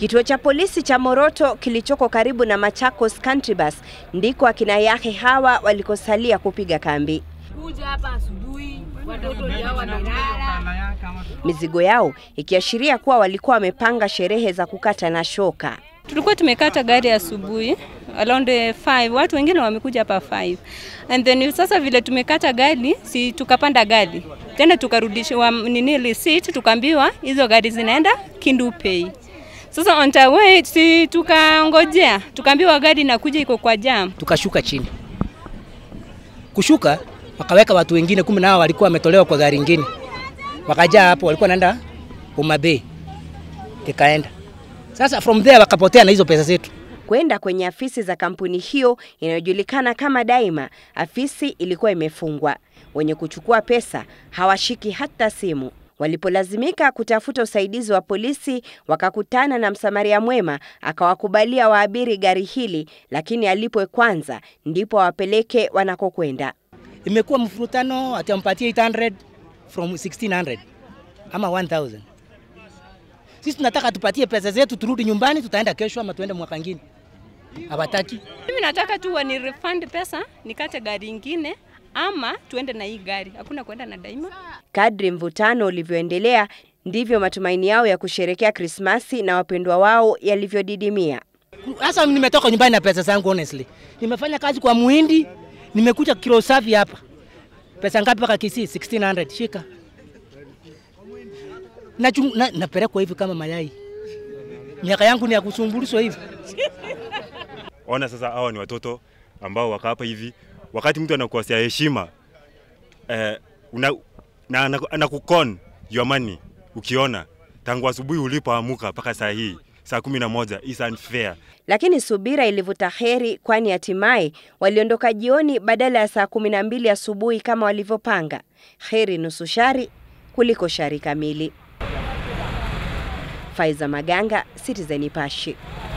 Kituo cha polisi cha Moroto kilichoko karibu na Machakos Country Bus ndiko akina Yahe hawa walikosalia kupiga kambi. Kuja hapa asubuhi watoto yao mizigo yao ikiashiria kuwa walikuwa wamepanga sherehe za kukata na shoka. Tulikuwa tumekata gari asubuhi around 5 watu wengine wamekuja hapa 5 and then sasa vile tumekata gari si tukapanda gari tena tukarudishwa nini receipt tukaambiwa hizo gari zinaenda Kindupei sasa on the way si tukangojea, tukaambiwa gari inakuja iko kwa jam, tukashuka chini. Kushuka wakaweka watu wengine, kumi, nao walikuwa wametolewa kwa gari nyingine. wakajaa hapo, walikuwa naenda Umabei, kikaenda sasa from there wakapotea na hizo pesa zetu kwenda kwenye afisi za kampuni hiyo inayojulikana kama Daima. Afisi ilikuwa imefungwa, wenye kuchukua pesa hawashiki hata simu. Walipolazimika kutafuta usaidizi wa polisi, wakakutana na msamaria mwema akawakubalia waabiri gari hili, lakini alipwe kwanza ndipo wapeleke wanakokwenda. Imekuwa mfurutano, atampatia 800 from 1600 ama 1000. Sisi tunataka tupatie pesa zetu turudi nyumbani, tutaenda kesho ama tuende mwaka ngine. Hawataki. Mimi nataka tu wani refund pesa nikate gari ingine ama tuende na hii gari, hakuna kuenda na daima. Kadri mvutano ulivyoendelea ndivyo matumaini yao ya kusherekea Krismasi na wapendwa wao yalivyodidimia. Sasa nimetoka nyumbani na pesa zangu, honestly nimefanya kazi kwa muhindi, nimekuja kilo safi hapa. Pesa ngapi mpaka Kisii? 1600 shika na, na, napelekwa hivi kama mayai, miaka yangu ni ya kusumbuliswa hivi. Ona sasa, hawa ni watoto ambao wakaapa hivi wakati mtu anakukosea heshima eh, una, na anakukon your money ukiona tangu asubuhi ulipoamuka mpaka saa hii saa kumi na moja is unfair. Lakini subira ilivuta heri, kwani hatimaye waliondoka jioni badala ya saa kumi na mbili asubuhi kama walivyopanga. Heri nusu shari kuliko shari kamili. Faiza Maganga, Citizen Nipashe.